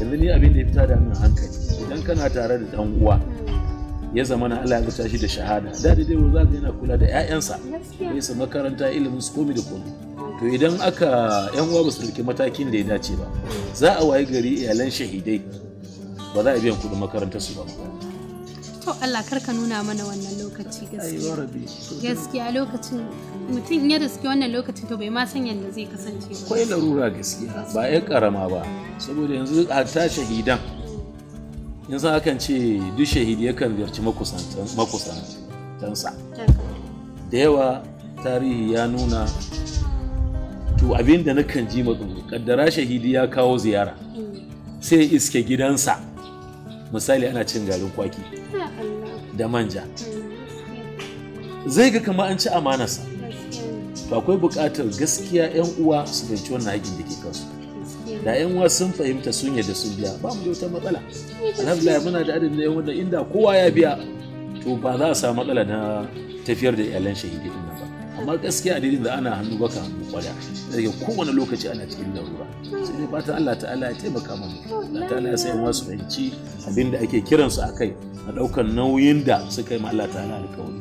yanzu ni abin da ya fita da min hankali idan kana tare da dan uwa ya zama na Allah ya ga shi da shahada da da dai za yana kula da ƴaƴansa ya su makaranta ilimin su komi da komi to idan aka yan uwa ba su dauki matakin da ya dace ba za a waye gari iyalan shahidai ba za a biyan kuɗin makarantar su ba to Allah kar ka nuna mana wannan lokaci gaskiya lokacin mutum ya riski wannan lokacin to bai ma san yadda zai kasance ba akwai larura gaskiya ba ya karama ba saboda yanzu hatta shahidan yanzu akan ce duk shahidi yakan ziyarci makusantansa da yawa tarihi ya nuna to abin da nakan ji matsoro kaddara shahidi ya kawo ziyara mm. sai iske gidansa misali ana cin garin kwaki da manja mm, zai ga kama an ci amanarsa to akwai buƙatar gaskiya 'yan uwa su fahimci wannan haƙin da ke kansu da 'yan uwa sun fahimta sun yadda sun biya ba mu da wata matsala alhamdulillah muna da adadin yan wanda inda kowa ya biya to ba za a samu matsala na tafiyar da iyalan shahidi din nan ba amma gaskiya a daidai da ana hannu baka hannu kwada daga kowane lokaci ana cikin larura sai dai fatan Allah ta'ala ya taimaka mana Allah ta'ala ya sai wasu su fahimci abinda ake kiransu akai a ɗaukar nauyin da suka yi ma Allah ta'ala alƙawari